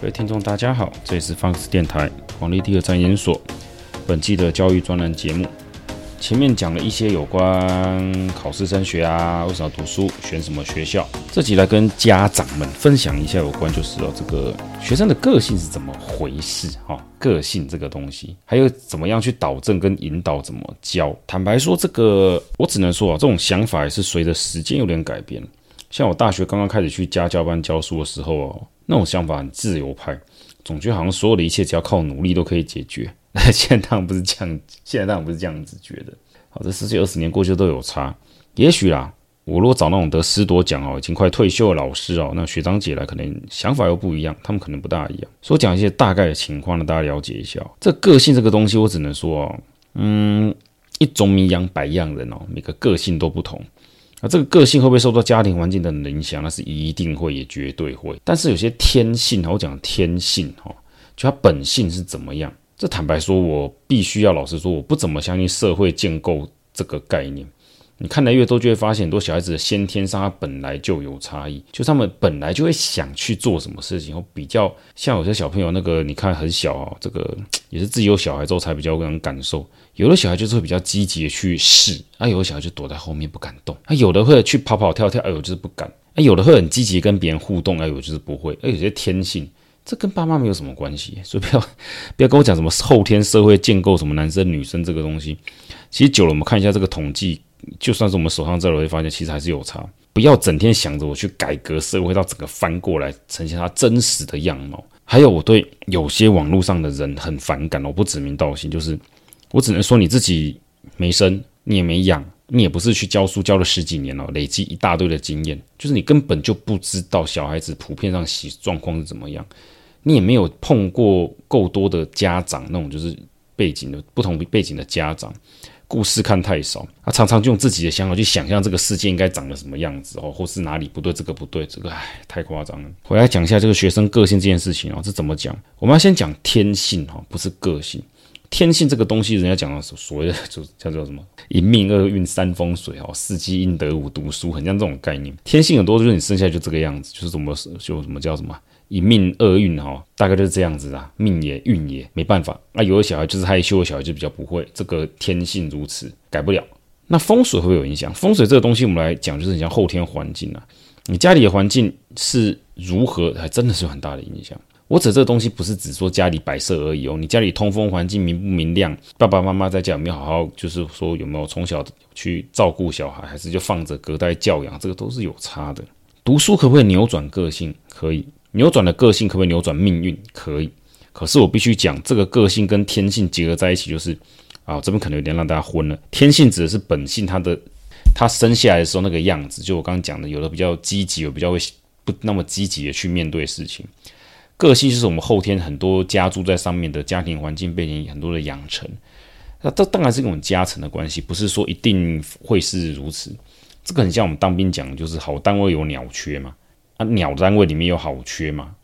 各位聽眾，大家好，這裡是方格子電台王立第二戰研所，本季的教育專欄節目，前面講了一些有關考試升學啊，為什麼讀書，選什麼學校。這集來跟家長們分享一下有關就是哦，這個學生的個性是怎麼回事哈、哦，個性這個東西，還有怎麼樣去導正跟引導，怎麼教。坦白說，這個我只能說啊、哦，這種想法也是隨着時間有點改變，像我大學剛剛開始去家教班教書的時候哦。那種想法很自由派，總覺得好像所有的一切只要靠努力都可以解決。現在當然不是這樣，現在當然不是這樣子覺得。好，這十幾二十年過去都有差。也許啦，我如果找那種得師鐸獎哦，已經快退休的老師哦，那學長姐來可能想法又不一樣，他們可能不大一樣。所以講一些大概的情況呢，大家了解一下、哦。這個、個性這個東西，我只能說、哦，嗯，一種米養百樣人哦，每個個性都不同。那、啊、這個個性會不會受到家庭環境的影響？那是一定會，也絕對會。但是有些天性，我講天性哈，就他本性是怎麼樣？這坦白說，我必須要老實說，我不怎麼相信社會建構這個概念。你看，來越多就會發現很多小孩子的先天上他本來就有差異，就是他們本來就會想去做什麼事情。然後比較像有些小朋友那個，你看很小、哦，這個也是自己有小孩之後才比較有感受。有的小孩就是會比較積極的去試，啊，有的小孩就躲在後面不敢動，啊，有的會去跑跑跳跳，哎我就是不敢，啊，有的會很積極跟別人互動，哎我就是不會，哎，有些天性，這跟爸媽沒有什麼關係，所以不要不要跟我講什麼後天社會建構什麼男生女生這個東西。其實久了，我們看一下這個統計。就算是我們手上這，我會發現其實還是有差。不要整天想着我去改革社會，到整個翻過來呈現它真實的樣貌。還有我對有些網絡上的人很反感，我不指名道姓，就是我只能說你自己沒生，你也沒養，你也不是去教書教了十幾年了哦，累積一大堆的經驗，就是你根本就不知道小孩子普遍上狀況是怎麼樣，你也沒有碰過夠多的家長那種就是背景的不同背景的家長。故事看太少，他常常就用自己的想法去想象這個世界應該長得什麼樣子哦，或是哪裡不對，這個不對，這個唉太誇張了。回來講一下這個學生個性這件事情哦，這是怎麼講？我們要先講天性哈，不是個性。天性這個東西，人家講的所謂的就叫做什麼？一命二運三風水哦，四積陰德五讀書，很像這種概念。天性很多就是你生下來就這個樣子，就是怎麼就什麼叫什麼？以命二運哈，大概就是這樣子啊。命也運也沒辦法。那有的小孩就是害羞的小孩，就比較不會，這個天性如此，改不了。那風水會不會有影響？風水這個東西，我們來講就是你像後天環境啊，你家裡的環境是如何，還真的是有很大的影響。我指這個東西不是只說家裡擺設而已哦，你家裡通風環境明不明亮，爸爸媽媽在家有沒有好好，就是說有沒有從小去照顧小孩，還是就放着隔代教養，這個都是有差的。讀書可不可以扭轉個性？可以。扭轉的個性可不可以扭轉命運？可以，可是我必須講，這個個性跟天性結合在一起，就是啊，這邊可能有點讓大家昏了。天性指的是本性它，他的他生下來的時候那個樣子，就我剛剛講的，有的比較積極，有比較會不那麼積極的去面對事情。個性就是我們後天很多加註在上面的家庭環境背景很多的養成，那、啊、這當然是一種加成的關係，不是說一定會是如此。這個很像我們當兵講的，就是好單位有鳥缺嘛。那、啊、鳥單位裡面有好缺嗎？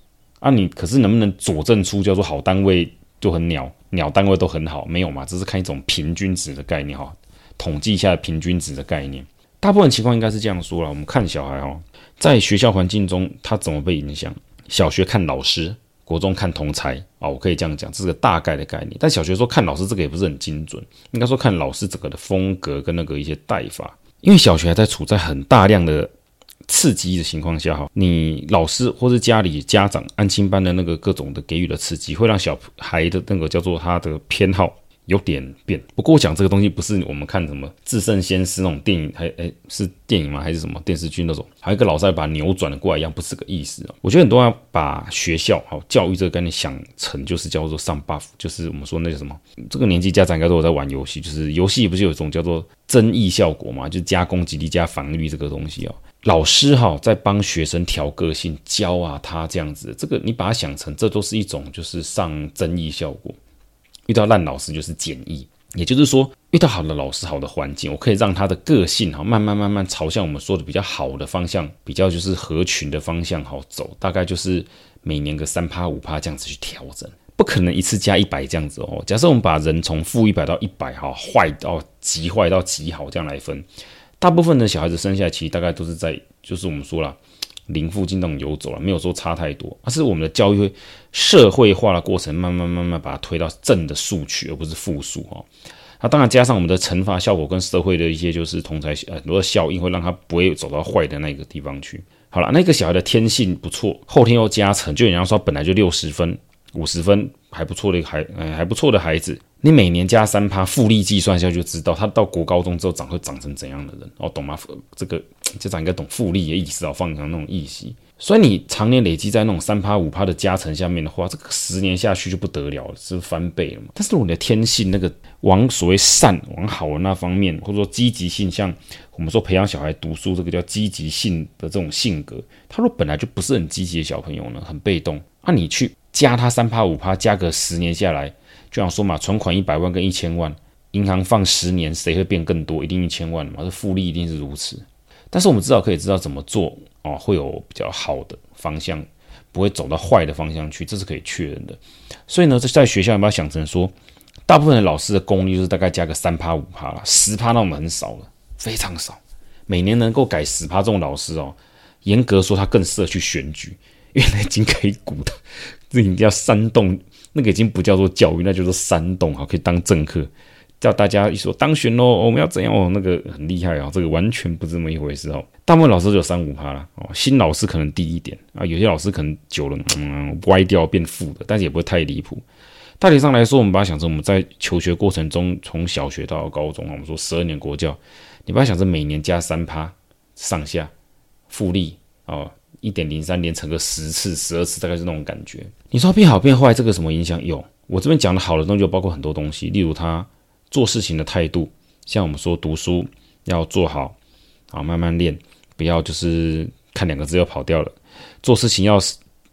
啊，你可是能不能佐證出叫做好單位就很鳥，鳥單位都很好沒有嘛？只是看一種平均值的概念哈，統計一下平均值的概念，大部分情況應該是這樣說啦。我們看小孩哦，在學校環境中他怎麼被影響？小學看老師，國中看同儕啊、喔，我可以這樣講，這是個大概的概念。但小學說看老師這個也不是很精準，應該說看老師整個的風格跟那個一些帶法，因為小學還在處在很大量的。刺激的情況下，哈，你老師或是家裡家長安親班的那個各種的給予的刺激，會讓小孩的那個叫做他的偏好有點變。不過我講這個東西不是我們看什麼《至聖先師》那種電影，還哎，是電影嗎？還是什麼電視劇那種？還有一個老師還把它扭轉了過來一樣，不是個意思啊。我覺得很多人把學校好教育這個概念想成就是叫做上 buff，就是我們說那個什麼？這個年紀家長應該說我在玩遊戲，就是遊戲不是有一種叫做增益效果嘛？就是加攻擊力、加防禦這個東西哦。老師哈，在幫學生調個性教啊，他這樣子，這個你把它想成，這都是一種就是上增益效果。遇到爛老師就是減益，也就是說，遇到好的老師、好的環境，我可以讓他的個性哈，慢慢慢慢朝向我們說的比較好的方向，比較就是合群的方向好走。大概就是每年個三趴五趴這樣子去調整，不可能一次加一百這樣子哦。假設我們把人從負一百到一百哈，壞到極壞到極好這樣來分。大部分的小孩子生下來，其實大概都是在，就是我們說了，零附近那種游走了，沒有說差太多。而是我們的教育會社會化的過程，慢慢慢慢把它推到正的數去，而不是負數哈。那當然加上我們的懲罰效果跟社會的一些就是同儕，很多的效應，會讓他不會走到壞的那個地方去。好了，那個小孩的天性不錯，後天又加成，就人家說本來就六十分、五十分。還不錯的孩，哎、欸，還不錯的孩子，你每年加三趴複利計算一下就知道，他到國高中之後長會長成怎樣的人哦，懂嗎？這個家長應該懂複利也意思、哦、放養那種意思。所以你長年累積在那種三趴五趴的加成下面的話，這個十年下去就不得了了，是，是翻倍了嘛？但是如果你的天性那個往所謂善往好的那方面，或者說積極性，像我們說培養小孩讀書，這個叫積極性的這種性格，他如果本來就不是很積極的小朋友呢，很被動，那、啊、你去。加他三趴五趴，加個十年下來，就想說嘛，存款一百萬跟一千萬，銀行放十年，誰會變更多？一定一千萬嘛，這複利一定是如此。但是我們至少可以知道怎麼做哦，會有比較好的方向，不會走到壞的方向去，這是可以確認的。所以呢，在在學校有沒有想成說，大部分的老師的功力就是大概加個三趴五趴啦，十趴那我們很少了，非常少。每年能夠改十趴這種老師哦，嚴格說他更適合去選舉。原來已經可以鼓的，這已經叫煽動，那個已經不叫做教育，那就是煽動哈，可以當政客，叫大家一說當選咯、哦，我們要怎樣哦，那個很厲害啊、哦，這個完全不是這麼一回事哦。大部分老師都有三五趴啦，哦，新老師可能低一點啊，有些老師可能久了、嗯、歪掉變負的，但是也不會太離譜。大體上來說，我們把它想成我們在求學過程中，從小學到高中啊，我們說十二年國教，你不要想着每年加三趴上下複利哦。一點零三連乘個十次、十二次，大概是那種感覺。你說變好變壞，這個什麼影響？有，我這邊講的好的東西，就包括很多東西，例如他做事情的態度，像我們說讀書要做好，啊，慢慢練，不要就是看兩個字又跑掉了。做事情要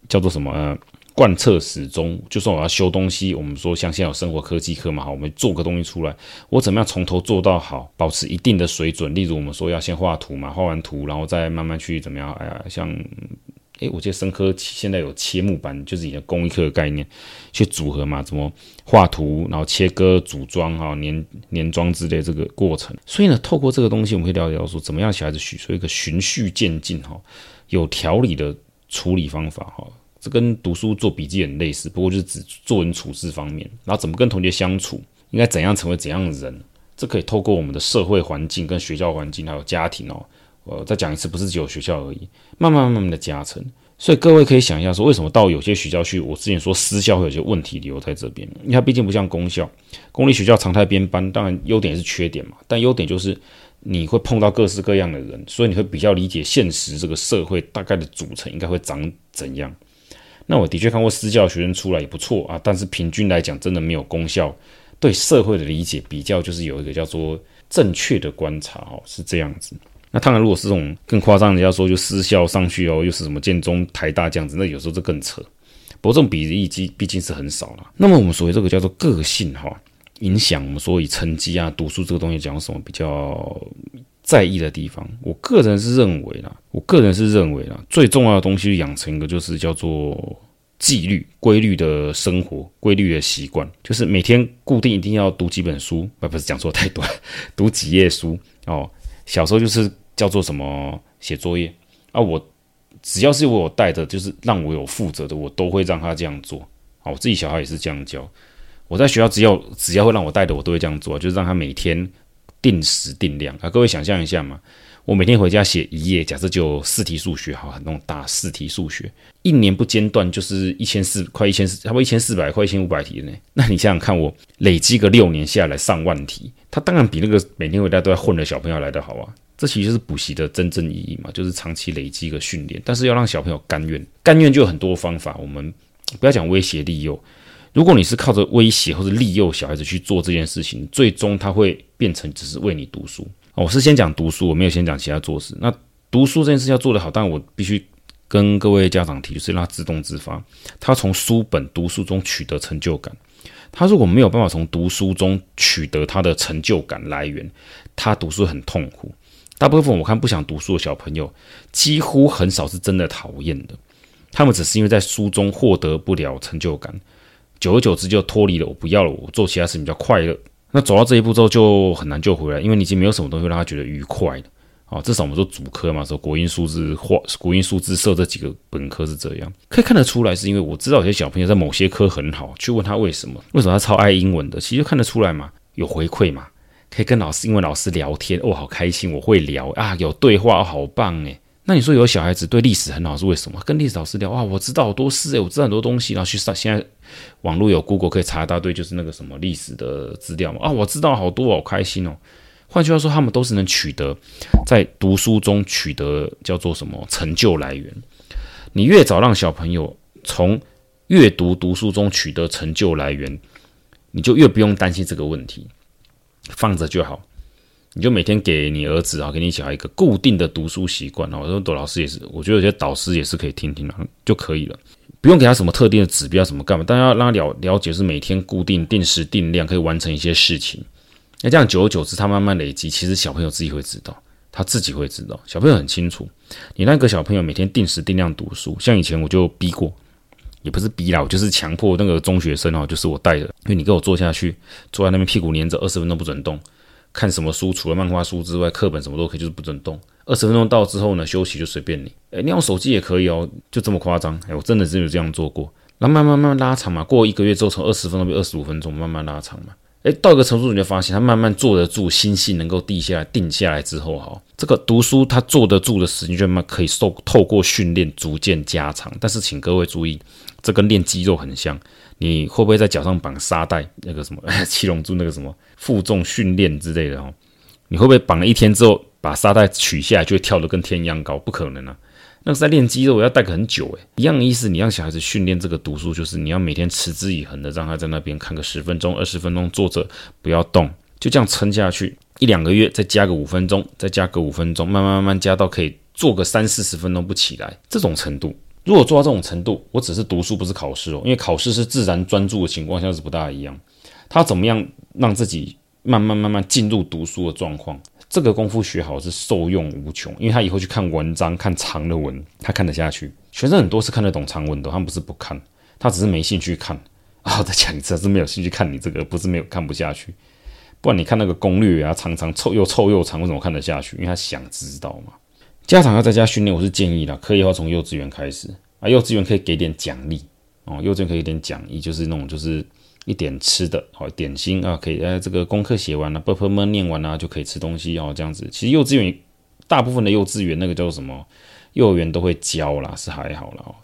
叫做什麼？呃貫徹始終，就算我要修東西，我們說像現在有生活科技課嘛，我們做個東西出來，我怎麼樣從頭做到好，保持一定的水準。例如我們說要先畫圖嘛，畫完圖，然後再慢慢去怎麼樣？哎呀，像哎、欸，我覺得生科現在有切木板，就是以前工藝課的概念，去組合嘛，怎麼畫圖，然後切割、組裝哈，粘粘裝之類這個過程。所以呢，透過這個東西，我們會了解到說，怎麼樣小孩子學出一個循序漸進哈，有條理的處理方法哈。這跟讀書做筆記很類似，不過就是指做人處事方面，然後怎麼跟同學相處，應該怎樣成為怎樣的人，這可以透過我們的社會環境、跟學校環境還有家庭哦，呃，再講一次，不是只有學校而已，慢慢慢慢的加成。所以各位可以想一下，說為什麼到有些學校去，我之前說私校會有些問題，留在這邊，因為它畢竟不像公校，公立學校常態編班，當然優點也是缺點嘛，但優點就是你會碰到各式各樣的人，所以你會比較理解現實這個社會大概的組成應該會長怎樣。那我的確看過私教學生出來也不錯啊，但是平均來講真的沒有功效，對社會的理解比較就是有一個叫做正確的觀察哦，是這樣子。那當然如果是這種更誇張的，要說就私校上去哦，又是什麼建中、台大這樣子，那有時候就更扯。不過這種比例機畢竟是很少了。那麼我們所謂這個叫做個性哈、哦，影響我們所謂成績啊、讀書這個東西，講什麼比較在意的地方，我個人是認為啦，我個人是認為啦，最重要的東西就養成一個就是叫做紀律規律的生活規律的習慣，就是每天固定一定要讀幾本書，而不是講說太多，讀幾頁書哦。小時候就是叫做什麼寫作業啊，我只要是我有帶的，就是讓我有負責的，我都會讓他這樣做啊、哦。我自己小孩也是這樣教，我在學校只要只要會讓我帶的，我都會這樣做，就是讓他每天。定時定量啊，各位想象一下嘛，我每天回家寫一頁，假設就四題數學好，那種大四題數學，一年不間斷就是一千四，快一千四，差不多一千四百快一千五百題呢。那你想想看，我累積個六年下來上萬題，他當然比那個每天回家都要混的小朋友來得好啊。這其實就是補習的真正意義嘛，就是長期累積一個訓練。但是要讓小朋友甘願，甘願就有很多方法。我們不要講威脅利誘，如果你是靠着威脅或者利誘小孩子去做這件事情，最終他會。變成只是為你讀書。我是先講讀書，我沒有先講其他做事。那讀書這件事要做得好，但我必須跟各位家長提，就是讓他自動自發，他從書本讀書中取得成就感。他如果沒有辦法從讀書中取得他的成就感來源，他讀書很痛苦。大部分我看不想讀書的小朋友，幾乎很少是真的討厭的，他們只是因為在書中獲得不了成就感，久而久之就脫離了。我不要了，我做其他事比較快樂。那走到這一步之後就很難救回來，因為你已經沒有什麼東西讓他覺得愉快了。好、啊，至少我們說主科嘛，說國英數字或國英數字社這幾個本科是這樣，可以看得出來，是因為我知道有些小朋友在某些科很好，去問他為什麼，為什麼他超愛英文的，其實就看得出來嘛，有回饋嘛，可以跟老師、英文老師聊天，哦，好開心，我會聊啊，有對話，哦、好棒哎。那你說有小孩子對歷史很好是為什麼？跟歷史老師聊，哇，我知道好多事哎，我知道很多東西，然後去上。現在網絡有 Google 可以查一大堆，就是那個什麼歷史的資料嘛。啊，我知道好多，好開心哦。換句話說，他們都是能取得在讀書中取得叫做什麼成就來源。你越早讓小朋友從閱讀讀書中取得成就來源，你就越不用擔心這個問題，放着就好。你就每天給你兒子啊，給你小孩一個固定的讀書習慣啊。我、哦、說，董老師也是，我覺得有些導師也是可以聽聽的就可以了，不用給他什麼特定的指標，什麼幹嘛？但要讓他了了解，是每天固定定時定量可以完成一些事情。那這樣久而久之，他慢慢累積，其實小朋友自己會知道，他自己會知道。小朋友很清楚，你那個小朋友每天定時定量讀書，像以前我就逼過，也不是逼啦，我就是強迫那個中學生哦，就是我帶的，因為你給我坐下去，坐在那邊屁股連着二十分鐘不准動。看什麼書，除了漫畫書之外，課本什麼都可以，就是不准動。二十分鐘到之後呢，休息就隨便你。哎，你用手機也可以哦，就這麼誇張。哎，我真的是有這樣做過。然後慢慢慢慢拉長嘛，過一個月之後，從二十分鐘變二十五分鐘，慢慢拉長嘛。哎，到一個程度你就發現，他慢慢坐得住，心性能夠定下來、定下來之後，哈，這個讀書他坐得住的時間就慢，慢慢可以受透過訓練逐漸加長。但是請各位注意，這跟練肌肉很像。你會不會在腳上綁沙袋，那個什麼七龍珠那個什麼負重訓練之類的哦，你會不會綁了一天之後把沙袋取下來就會跳得跟天一樣高？不可能啊！那是在練肌肉要戴個很久誒，一樣的意思。你讓小孩子訓練這個讀書，就是你要每天持之以恆的讓他在那邊看個十分鐘、二十分鐘坐着不要動，就這樣撐下去一兩個月，再加個五分鐘，再加個五分鐘，慢慢慢慢加到可以坐個三四十分鐘不起來這種程度。如果做到這種程度，我只是讀書，不是考試哦。因為考試是自然專注的情況下是不大一樣。他怎麼樣讓自己慢慢慢慢進入讀書的狀況？這個功夫學好是受用無窮，因為他以後去看文章、看長的文，他看得下去。學生很多是看得懂長文的，他們不是不看，他只是沒興趣看。啊、哦，我再講一次，你是沒有興趣看你這個，不是沒有看不下去。不然你看那個攻略啊，長長臭又臭又長，為什麼看得下去？因為他想知道嘛。家長要在家訓練，我是建議啦，可以要從幼稚園開始啊。幼稚園可以給點獎勵哦，幼稚園可以給點獎勵，就是那種就是一點吃的哦，點心啊，可以哎、啊，這個功課寫完了，本本本念完了、啊、就可以吃東西哦，這樣子。其實幼稚園大部分的幼稚園那個叫做什麼幼兒園都會教啦，是還好啦。哦。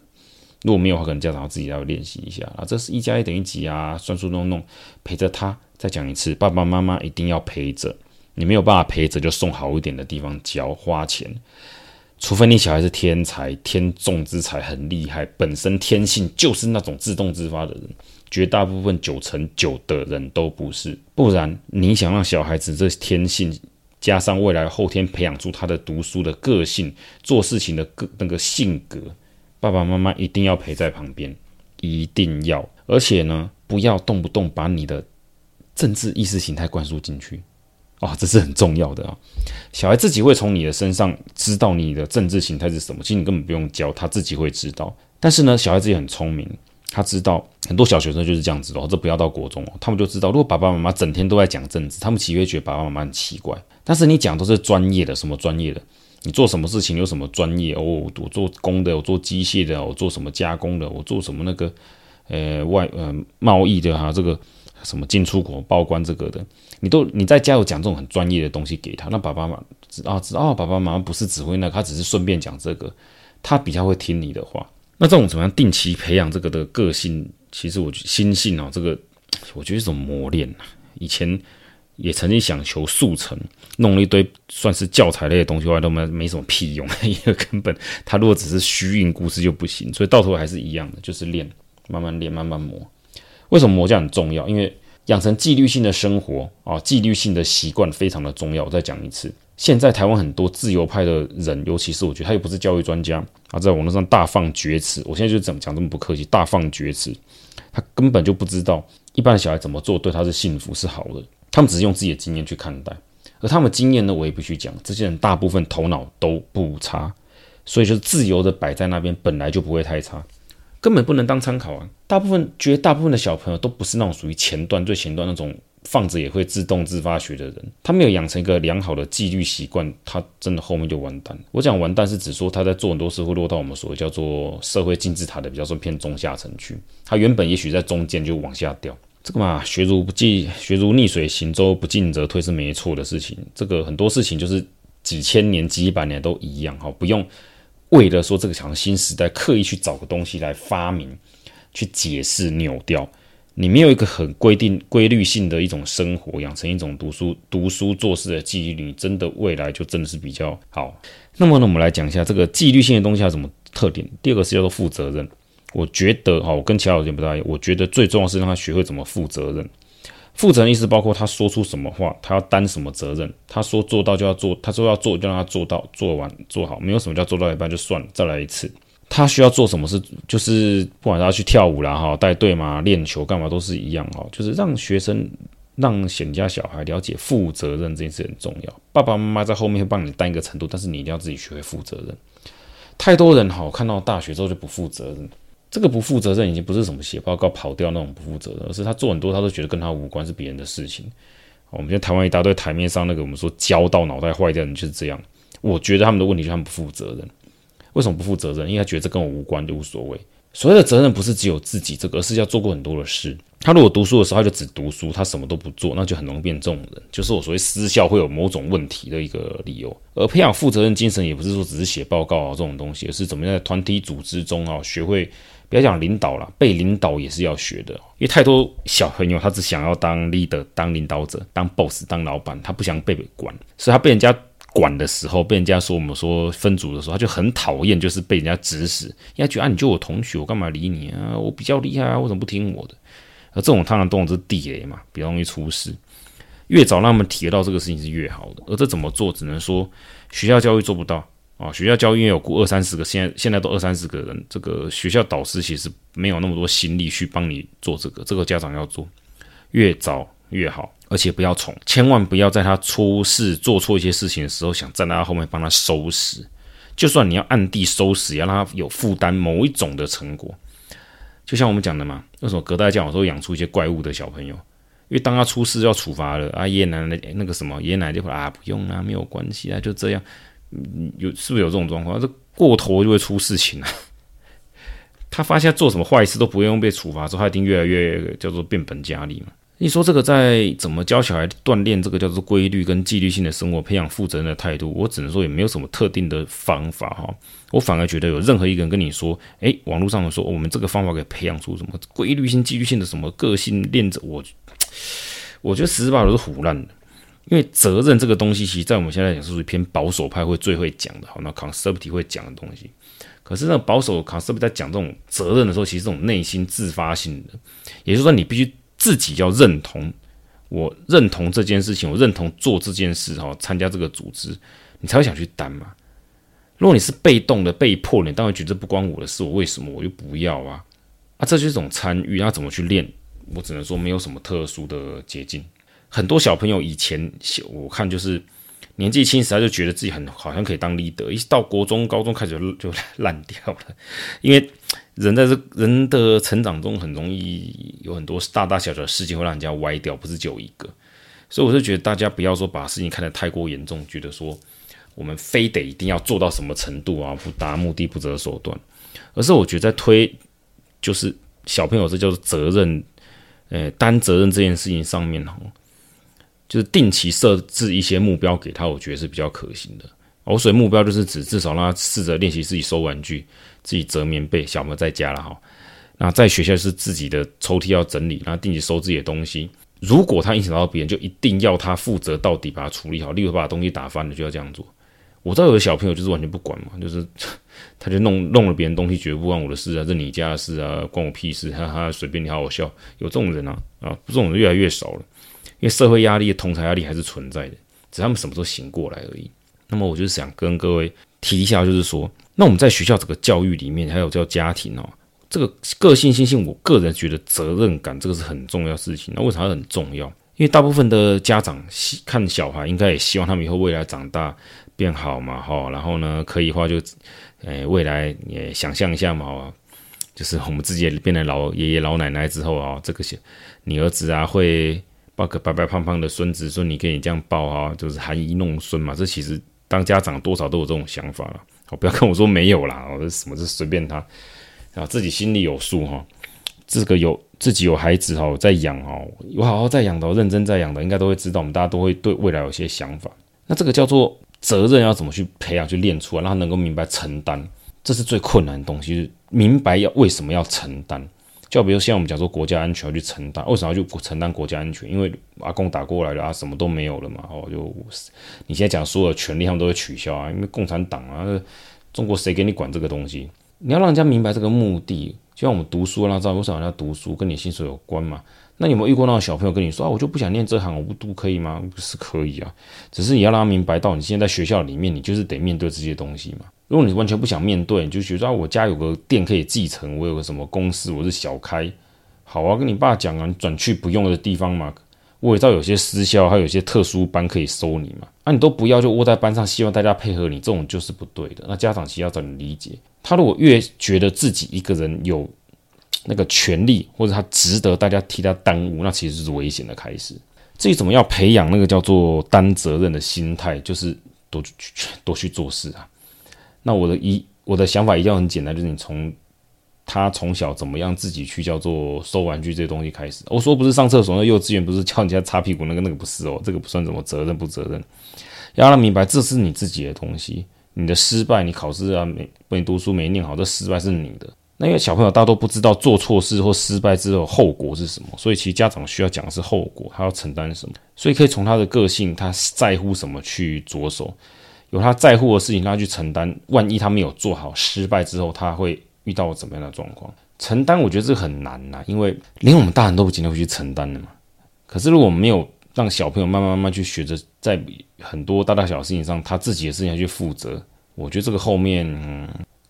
如果沒有的話，可能家長自己要練習一下啊。這是一加一等於幾啊，算術弄弄，陪着他再講一次，爸爸媽媽一定要陪着。你沒有辦法陪着，就送好一點的地方，只要花錢，除非你小孩是天才，天縱之才，很厲害，本身天性就是那種自動自發的人。絕大部分九成九的人都不是，不然你想讓小孩子這天性加上未來後天培養出他的讀書的個性、做事情的個那個性格，爸爸媽媽一定要陪在旁邊，一定要，而且呢，不要動不動把你的政治意識形態灌輸進去。啊、哦，這是很重要的啊！小孩自己會從你的身上知道你的政治形態是什麼，其實你根本不用教，他自己會知道。但是呢，小孩子也很聰明，他知道很多小學生就是這樣子哦，這不要到國中哦，他們就知道，如果爸爸媽媽整天都在講政治，他們其實會覺得爸爸媽媽很奇怪。但是你講都是專業的，什麼專業的？你做什麼事情有什麼專業？哦，我做工的，我做機械的，我做什麼加工的，我做什麼那個，呃，外呃貿易的哈、啊，這個。什麼進出口報關這個的，你都你在家有講這種很專業的東西給他，那爸爸媽媽啊啊，爸爸媽媽不是指揮呢、那個，他只是順便講這個，他比較會聽你的話。那這種怎麼樣定期培養這個的個性，其實我覺得心性哦，這個我覺得一種磨練、啊、以前也曾經想求速成，弄了一堆算是教材類的東西，後來都沒沒什麼屁用，因為根本他如果只是虛應故事就不行，所以到頭還是一樣的，就是練，慢慢練，慢慢磨。為什麼魔教很重要？因為養成紀律性的生活啊，紀律性的習慣非常的重要。我再講一次，現在台灣很多自由派的人，尤其是我覺得他又不是教育專家啊，在網絡上大放厥詞。我現在就怎麼講這麼不客氣，大放厥詞，他根本就不知道一般的小孩怎麼做對他是幸福是好的。他們只是用自己的經驗去看待，而他們經驗呢，我也不去講。這些人大部分頭腦都不差，所以就是自由的擺在那邊本來就不會太差。根本不能當參考啊！大部分、絕大部分的小朋友都不是那種屬於前段、最前段那種放着也會自動自發學的人。他沒有養成一個良好的紀律習慣，他真的後面就完蛋。我講完蛋是指說，他在做很多事會落到我們所謂叫做社會金字塔的比方說偏中下層去。他原本也許在中間就往下掉。這個嘛，學如不進，學如逆水行舟，不進則退是沒錯的事情。這個很多事情就是幾千年、幾百年都一樣哈，不用。為了說這個強新時代，刻意去找個東西來發明，去解釋扭掉。你沒有一個很規定規律性的一種生活，養成一種讀書、讀書做事的紀律，你真的未來就真的是比較好。那麼呢，我們來講一下這個紀律性的東西還有什麼特點。第二個是叫做負責任。我覺得哈，我跟其他老師不太一樣，我覺得最重要是讓他學會怎麼負責任。負責任意思包括他說出什麼話，他要擔什麼責任，他說做到就要做，他說要做就讓他做到，做完做好，沒有什麼叫做到一半就算了，再來一次。他需要做什麼事，就是不管他去跳舞啦，哈，帶隊嘛，練球幹嘛都是一樣哈，就是讓學生讓你家小孩了解負責任這件事很重要。爸爸媽媽在後面會幫你擔一個程度，但是你一定要自己學會負責任。太多人哈，看到大學之後就不負責任。這個不負責任已經不是什麼寫報告跑掉那種不負責任，而是他做很多他都覺得跟他無關，是別人的事情。我們現在台灣一大堆台面上那個我們說教到腦袋壞掉的人就是這樣，我覺得他們的問題就是他們不負責任。為什麼不負責任？因為他覺得這跟我無關就無所謂。所謂的責任不是只有自己這個，而是要做過很多的事。他如果讀書的時候他就只讀書，他什麼都不做，那就很容易變這種人。就是我所謂私校會有某種問題的一個理由。而培養負責任精神也不是說只是寫報告啊這種東西，而是怎麼樣在團體組織中啊學會。不要講領導了，被領導也是要學的，因為太多小朋友他只想要當 leader、當領導者、當 boss、當老闆，他不想被、被管，所以他被人家管的時候，被人家說我們說分組的時候，他就很討厭，就是被人家指使，人家覺得啊，你就我同學，我幹嘛理你啊？我比較厲害啊，為什麼不聽我的？而這種他能動的是地雷嘛，比較容易出事。越早讓他們體驗到這個事情是越好的，而這怎麼做，只能說學校教育做不到。啊，學校教院有過二三十個，現在現在都二三十個人。這個學校導師其實沒有那麼多心力去幫你做這個，這個家長要做，越早越好，而且不要寵，千萬不要在他出事做錯一些事情的時候想站在他後面幫他收拾。就算你要暗地收拾，也要讓他有負擔某一種的成果。就像我們講的嘛，為什麼隔代教養有時候養出一些怪物的小朋友？因為當他出事要處罰了啊，爺爺奶奶那個什麼，爺爺奶奶就會啊，不用啊，沒有關係啊，就這樣。嗯，有是不是有這種狀況？這過頭就會出事情啊！他發現他做什麼壞事都不用被處罰之後，他一定越來越叫做變本加厲嘛。你說這個在怎麼教小孩鍛鍊這個叫做規律跟紀律性的生活，培養負責任的態度？我只能說也沒有什麼特定的方法哈。我反而覺得有任何一個人跟你說，哎，網絡上有說我們這個方法可以培養出什麼規律性、紀律性的什麼個性練者，我我覺得十之八九都是唬爛的。因為責任這個東西，其實在我們現在講，是屬於偏保守派會最會講的，好，那 conservative 會講的東西。可是那保守 conservative 在講這種責任的時候，其實這種內心自發性的，也就是說，你必須自己要認同，我認同這件事情，我認同做這件事，哈、哦，參加這個組織，你才會想去擔嘛。如果你是被動的、被迫的，你當然覺得這不關我的事，我為什麼我又不要啊？啊，這就是一種參與，那、啊、怎麼去練？我只能說，沒有什麼特殊的捷徑。很多小朋友以前，我看就是年紀輕時，他就覺得自己很好像可以當 leader，一到國中、高中開始就爛掉了。因為人在這人的成長中，很容易有很多大大小小的事情會讓人家歪掉，不是只有一個。所以我是覺得大家不要說把事情看得太過嚴重，覺得說我們非得一定要做到什麼程度啊，不達目的不擇手段。而是我覺得在推，就是小朋友這叫做責任，呃、欸，擔責任這件事情上面哦。就是定期設置一些目標給他，我覺得是比較可行的。我所謂目標就是指至少讓他試着練習自己收玩具、自己折棉被。小朋友在家了哈，那在學校是自己的抽屜要整理，然後定期收自己的東西。如果他影響到別人，就一定要他負責到底，把他處理好。例如把，把東西打翻了，就要這樣做。我知道有的小朋友就是完全不管嘛，就是他就弄弄了別人東西，絕不關我的事啊，這你家的事啊，關我屁事，哈哈，隨便你，好好笑。有這種人啊，啊，這種人越來越少了。因為社會壓力、同儕壓力還是存在的，只是他們什麼時候醒過來而已。那麼，我就是想跟各位提一下，就是說，那我們在學校這個教育裡面，還有叫家庭哦，這個個性、心性、性，我個人覺得責任感這個是很重要的事情。那為啥很重要？因為大部分的家長希看小孩，應該也希望他們以後未來長大變好嘛，哈、哦。然後呢，可以的話就、哎，未來也想象一下嘛，哦、就是我們自己也變成老爺爺老奶奶之後啊、哦，這個些你兒子啊會。抱個白白胖胖的孫子，說你可以這樣抱啊，就是含飴弄孫嘛。這其實當家長多少都有這種想法了、啊。好、哦，不要跟我說沒有啦，我、哦、什麼就隨便他，啊，自己心裡有數哈、哦。這個有自己有孩子哈、哦，在養哈、哦，我好好在養的、哦，認真在養的，應該都會知道。我們大家都會對未來有些想法。那這個叫做責任，要怎麼去培養、去練出來，讓他能夠明白承擔，這是最困難的東西，是明白要為什麼要承擔。就比如像我們講說國家安全要去承擔，為什麼要去承擔國家安全？因為阿公打過來了啊，什麼都沒有了嘛。哦，就你現在講所有的權利，他們都會取消啊，因為共產黨啊，中國誰給你管這個東西？你要讓人家明白這個目的，就像我們讀書，那知道為什麼要讀書，跟你薪水有關嘛。那你有沒有遇過那種小朋友跟你說啊，我就不想念這行，我不讀可以嗎？是可以啊，只是你要讓他明白到，你現在在學校裡面，你就是得面對這些東西嘛。如果你完全不想面對，你就覺得、啊、我家有個店可以繼承，我有個什麼公司，我是小開，好啊，跟你爸講啊，轉去不用的地方嘛。我也知道有些私校還有些特殊班可以收你嘛。那、啊、你都不要就窩在班上，希望大家配合你，這種就是不對的。那家長其實要找你理解，他如果越覺得自己一個人有。那個權利或者他值得大家替他耽誤，那其實就是危險的開始。至於怎麼要培養那個叫做擔責任的心態，就是多去多去做事啊。那我的一我的想法一定很簡單，就是你從他從小怎麼樣自己去叫做收玩具這東西開始。我說不是上廁所，那幼稚園不是叫人家擦屁股那個那個不是哦，這個不算什麼責任不責任。要讓他明白，這是你自己的東西。你的失敗，你考試啊沒沒讀書沒念好，這失敗是你的。那因為小朋友大都不知道做錯事或失敗之後後果是什麼，所以其實家長需要講的是後果，他要承擔什麼。所以可以從他的個性，他在乎什麼去着手，有他在乎的事情讓他去承擔。萬一他沒有做好，失敗之後他會遇到怎麼樣的狀況？承擔我覺得這很難吶、啊，因為連我們大人都不經常會去承擔的嘛。可是如果沒有讓小朋友慢慢慢慢去學着在很多大大小小事情上，他自己的事情要去負責，我覺得這個後面。嗯……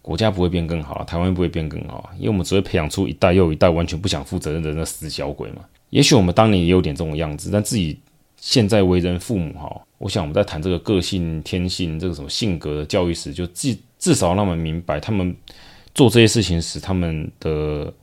國家不會變更好，台灣不會變更好，因為我們只會培養出一代又一代完全不想負責任的那死小鬼嘛。也許我們當年也有點這種樣子，但自己現在為人父母哈，我想我們在談這個個性天性這個什麼性格的教育時，就至至少讓他們明白，他們做這些事情時，他們的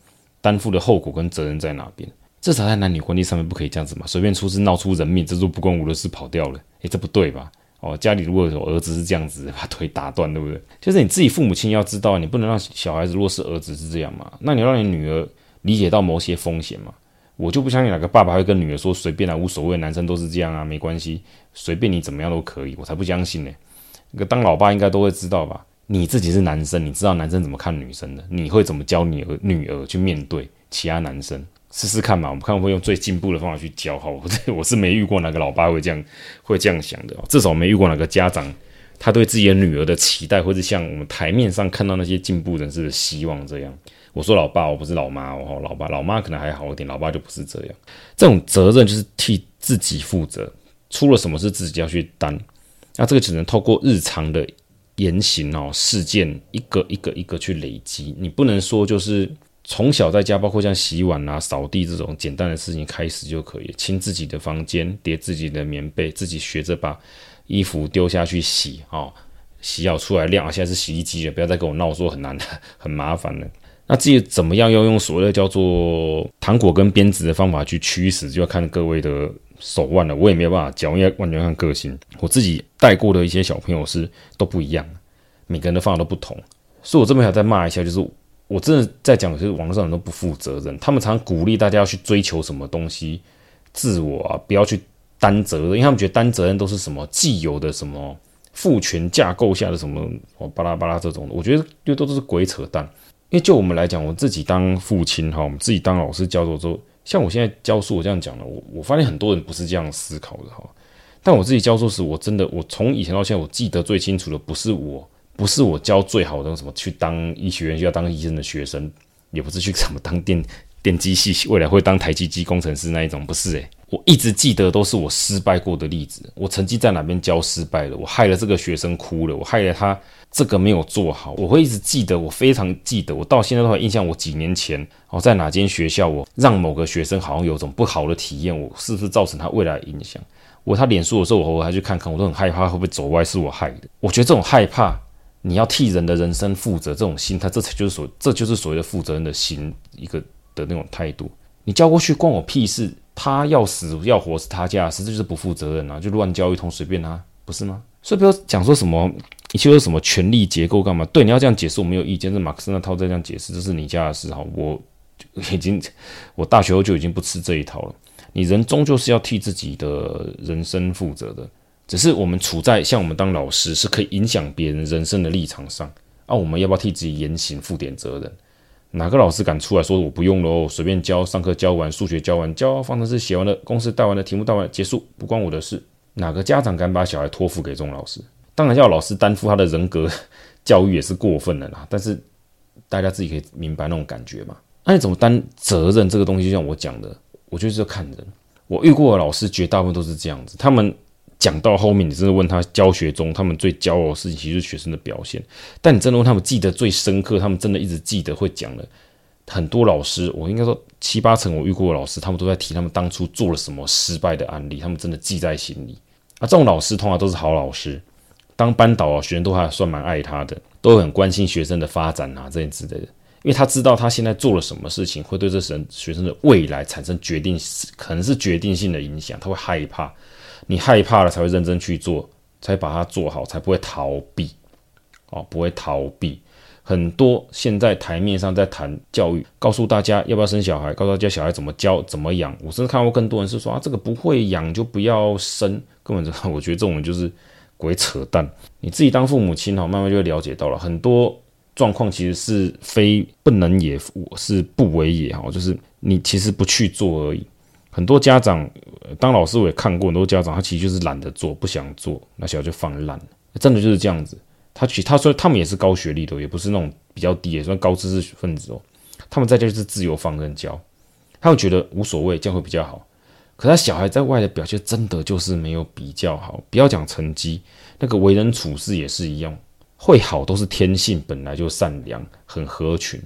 擔負的後果跟責任在哪邊。至少在男女婚禮上面不可以這樣子嘛，隨便出事鬧出人命，這就不關我的事，跑掉了，哎、欸，這不對吧？哦，家裡如果有兒子是這樣子，把腿打斷，對不對？就是你自己父母親要知道，你不能讓小孩子，如果是兒子是這樣嘛，那你讓你女兒理解到某些風險嘛。我就不相信哪個爸爸會跟女兒說隨便啊，無所謂，男生都是這樣啊，沒關係，隨便你怎麼樣都可以，我才不相信呢、欸。那個當老爸應該都會知道吧？你自己是男生，你知道男生怎麼看女生的，你會怎麼教你女兒去面對其他男生？試試看嘛，我們看會用最進步的方法去教，好，我這我是沒遇過哪個老爸會這樣，會這樣想的，至少沒遇過哪個家長，他對自己的女兒的期待，或是像我們台面上看到那些進步人士的希望這樣。我說老爸，我不是老媽，我老爸，老媽可能還好一點，老爸就不是這樣。這種責任就是替自己負責，出了什麼事自己要去擔。那這個只能透過日常的言行哦，事件一個一個一個去累積，你不能說就是。從小在家，包括像洗碗啊、掃地這種簡單的事情開始就可以，清自己的房間，疊自己的棉被，自己學着把衣服丟下去洗啊、哦，洗好出來晾、啊。現在是洗衣機了，不要再跟我鬧說很難的、很麻煩的。那自己怎麼樣要用所謂的叫做糖果跟鞭子的方法去驅使，就要看各位的手腕了。我也沒有辦法講，因為完全看個性。我自己帶過的一些小朋友是都不一樣，每個人的方法都不同。所以我這邊想再罵一下，就是。我真的在講的是網絡上人都不負責任，他們常鼓勵大家要去追求什麼東西，自我啊，不要去擔責任，因為他們覺得擔責任都是什麼既有的什麼父權架構下的什麼，哦，巴拉巴拉這種，我覺得這都是鬼扯淡。因為就我們來講，我自己當父親哈，我們自己當老師教授之後，像我現在教書，我這樣講了，我我發現很多人不是這樣思考的哈。但我自己教書時，我真的，我從以前到現在，我記得最清楚的不是我，不是我教最好的什麼去當醫學院，就要當醫生的學生，也不是去什麼當電電機系未來會當台積機工程師那一種。不是誒、欸，我一直記得都是我失敗過的例子，我曾經在哪邊教失敗了，我害了這個學生哭了，我害了他這個沒有做好，我會一直記得，我非常記得，我到現在都還印象我幾年前，然後在哪間學校我讓某個學生好像有種不好的體驗，我是不是造成他未來影響？我他臉書的時候我和我還去看看，我都很害怕會不會走歪是我害的，我覺得這種害怕。你要替人的人生負責，這種心態，這才就是所，這就是所謂的負責任的心，一個的那種態度。你叫過去關我屁事，他要死要活是他家的事，這就是不負責任啊，就亂教一通，隨便他、啊，不是嗎？所以不要講說什麼，一切說什麼權力結構幹嘛？對，你要這樣解釋，我沒有意見。是馬克思那套在這樣解釋，這、就是你家的事哈。我已經，我大學後就已經不吃這一套了。你人終究是要替自己的人生負責的。只是我們處在像我們當老師是可以影響別人人生的立場上啊，我們要不要替自己言行負點責任？哪個老師敢出來說我不用嘍，隨便教，上課教完數學教完，教方程式寫完了，公式帶完了，題目帶完了結束，不關我的事？哪個家長敢把小孩托付給這種老師？當然要老師擔負他的人格教育也是過分的啦。但是大家自己可以明白那種感覺嘛？那你怎麼擔責任？這個東西就像我講的，我就是要看人。我遇過的老師絕大部分都是這樣子，他們。講到後面，你真的問他教學中他們最驕傲的事情，其實是學生的表現。但你真的問他們記得最深刻，他們真的一直記得會講的很多老師，我應該說七八成我遇過的老師，他們都在提他們當初做了什麼失敗的案例，他們真的記在心裡。啊，這種老師通常都是好老師，當班導啊，學生都還算蠻愛他的，都很關心學生的發展啊這樣之類的。因為他知道他現在做了什麼事情，會對這神學生的未來產生決定，可能是決定性的影響，他會害怕。你害怕了才會認真去做，才把它做好，才不會逃避，哦，不會逃避。很多現在台面上在談教育，告訴大家要不要生小孩，告訴大家小孩怎麼教、怎麼養。我甚至看過更多人是說啊，這個不會養就不要生，根本就，我覺得這種就是鬼扯淡。你自己當父母親哦，慢慢就會了解到了，很多狀況其實是非不能也，我是不為也哈，就是你其實不去做而已。很多家長當老師，我也看過很多家長，他其實就是懶得做，不想做，那小孩就放爛，真的就是這樣子。他其他說他們也是高學歷的，也不是那種比較低，也算高知識分子哦。他們在這就是自由放任教，他會覺得無所謂，這樣會比較好。可他小孩在外的表現，真的就是沒有比較好。不要講成績，那個為人處事也是一樣，會好都是天性，本來就善良，很合群，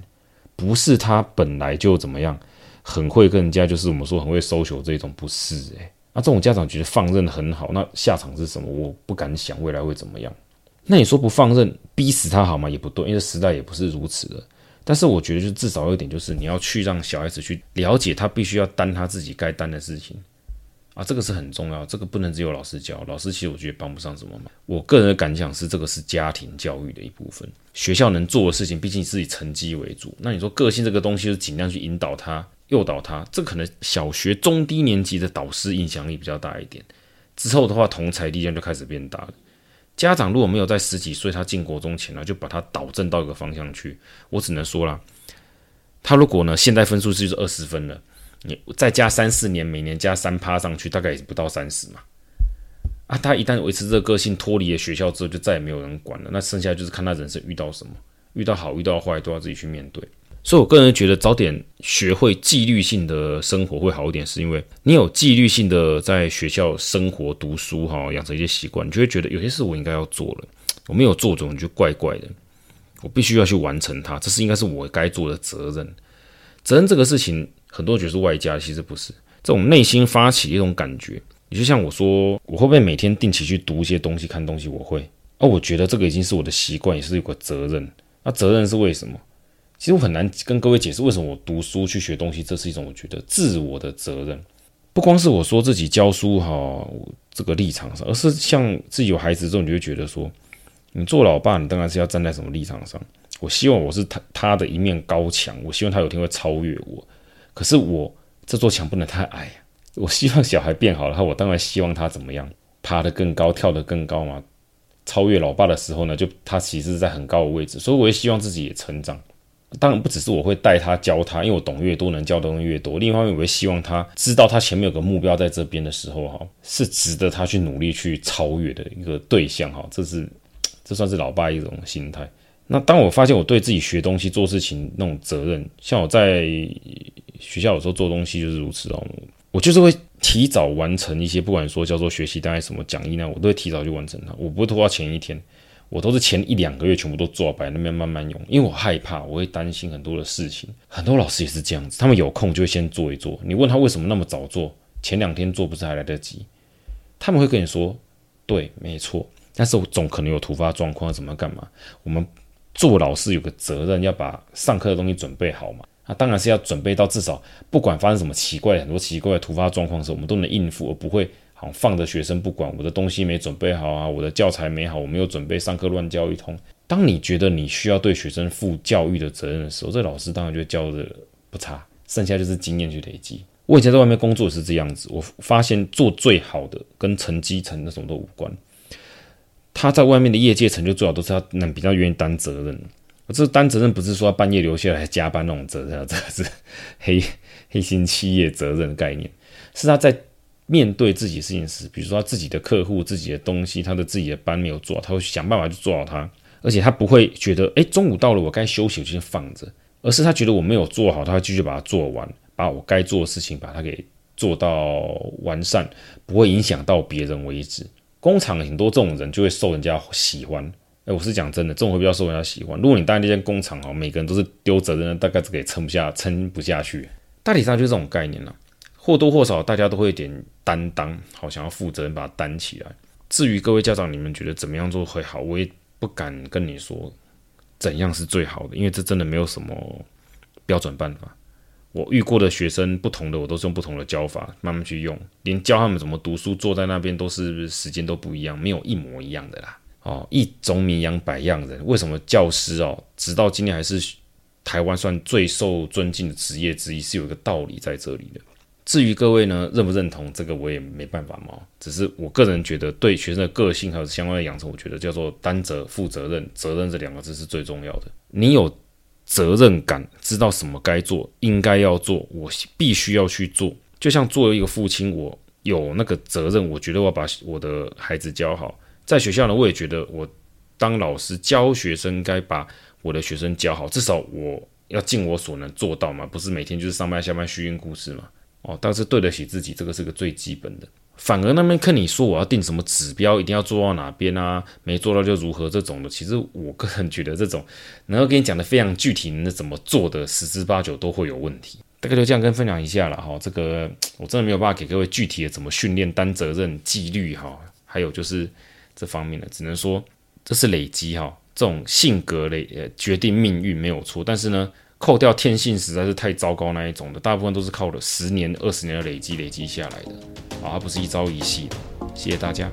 不是他本來就怎麼樣。很會跟人家，就是我們說很會 social 這種，不是誒、欸，那、啊、這種家長覺得放任很好，那下場是什麼？我不敢想未來會怎麼樣。那你說不放任，逼死他好嗎？也不對，因為時代也不是如此的。但是我覺得，就至少有一點，就是你要去讓小孩子去了解，他必須要擔他自己該擔的事情啊，這個是很重要。這個不能只有老師教，老師其實我覺得幫不上什麼忙。我個人的感想是，這個是家庭教育的一部分。學校能做的事情，畢竟是以成績為主。那你說個性這個東西，就盡量去引導他。誘導他，這可能小學中低年級的導師影響力比較大一點。之後的話，同儕力量就開始變大了。家長如果沒有在十幾歲他進國中前呢，啊，就把他導正到一個方向去，我只能說啦，他如果呢，現在分數是就是二十分了，你再加三四年，每年加三趴上去，大概也不到三十嘛。啊，他一旦維持這個個性，脫離了學校之後，就再也沒有人管了。那剩下就是看他人生遇到什麼，遇到好遇到壞，都要自己去面對。所以，我個人覺得早點學會紀律性的生活會好一點，是因為你有紀律性的在學校生活讀書哈，養成一些習慣，你就會覺得有些事我應該要做了，我沒有做準你就怪怪的，我必須要去完成它，這是應該是我該做的責任。責任這個事情，很多人覺得是外加，其實不是，這種內心發起一種感覺。你就像我說，我會不會每天定期去讀一些東西、看東西？我會，哦，我覺得這個已經是我的習慣，也是有個責任。那、啊、責任是為什麼？其實我很難跟各位解釋，為什麼我讀書去學東西，這是一種我覺得自我的責任，不光是我說自己教書哈，這個立場上，而是像自己有孩子之後，你就會覺得說，你做老爸，你當然是要站在什麼立場上。我希望我是他他的一面高牆，我希望他有天會超越我，可是我這座牆不能太矮，我希望小孩變好了，我當然希望他怎麼樣，爬得更高，跳得更高嘛。超越老爸的時候呢，就他其實是在很高的位置，所以我也希望自己也成長。當然不只是我會帶他教他，因為我懂越多能教的東西越多。另一方面，我會希望他知道他前面有個目標在這邊的時候，哈，是值得他去努力去超越的一個對象，哈，這是這算是老爸一種心態。那當我發現我對自己學東西、做事情那種責任，像我在學校有時候做東西就是如此哦，我就是會提早完成一些，不管說叫做學習大概什麼講義呢，我都會提早就完成它，我不會拖到前一天。我都是前一兩個月全部都做，擺那邊慢慢用，因為我害怕，我會擔心很多的事情。很多老師也是這樣子，他們有空就會先做一做。你問他為什麼那麼早做？前兩天做不是還來得及？他們會跟你說，對，沒錯。但是我總可能有突發狀況，怎麼要幹嘛？我們做老師有個責任，要把上課的東西準備好嘛。那、啊、當然是要準備到至少，不管發生什麼奇怪、很多奇怪的突發狀況的時候，我們都能應付，而不會。放着學生不管，我的東西沒準備好啊，我的教材沒好，我沒有準備上課亂教一通。當你覺得你需要對學生負教育的責任的時候，這個、老師當然就教的不差，剩下就是經驗去累積。我以前在外面工作也是這樣子，我發現做最好的跟成績成那什麼都無關。他在外面的業界成就最好都是他，那比較願意擔責任，而這擔責任不是說半夜留下來加班那種責任，這是黑黑心企業責任的概念，是他在。面對自己的事情時，比如說他自己的客戶、自己的東西、他的自己的班沒有做好，他會想辦法去做好它。而且他不會覺得，誒，中午到了我該休息，我就先放着，而是他覺得我沒有做好，他會繼續把它做完，把我該做的事情把它給做到完善，不會影響到別人為止。工廠很多這種人就會受人家喜歡。誒，我是講真的，這種會比較受人家喜歡。如果你待在那間工廠哦，每個人都是丟責任，大概這個也撐不下，撐不下去。大體上就是這種概念了啊。或多或少，大家都會有點擔當，好想要負責任，把它擔起來。至於各位家長，你們覺得怎麼樣做會好？我也不敢跟你說怎樣是最好的，因為這真的沒有什麼標準辦法。我遇過的學生不同的，我都是用不同的教法慢慢去用，連教他們怎麼讀書，坐在那邊都是時間都不一樣，沒有一模一樣的啦。哦，一種米養百樣人，為什麼教師哦，直到今天還是台灣算最受尊敬的職業之一，是有一個道理在這裡的。至於各位呢，認不認同這個我也沒辦法嘛。只是我個人覺得，對學生的個性還有相關的養成，我覺得叫做擔責、負責任，責任這兩個字是最重要的。你有責任感，知道什麼該做，應該要做，我必須要去做。就像作為一個父親，我有那個責任，我覺得我要把我的孩子教好。在學校呢，我也覺得我當老師教學生，該把我的學生教好，至少我要盡我所能做到嘛。不是每天就是上班下班虛應故事嘛。哦，但是對得起自己，這個是個最基本的。反而那邊看你說我要定什麼指標，一定要做到哪邊啊，沒做到就如何這種的。其實我個人覺得這種，能夠給你講的非常具體，那怎麼做的十之八九都會有問題。大概就這樣跟分享一下了哈、哦。這個我真的沒有辦法給各位具體的怎麼訓練、擔責任、紀律哈、哦，還有就是這方面的，只能說這是累積哈、哦。這種性格的呃，決定命運沒有錯，但是呢。扣掉天性實在是太糟糕那一種的，大部分都是靠了十年、二十年的累積累積下來的。好，它不是一朝一夕的。謝謝大家。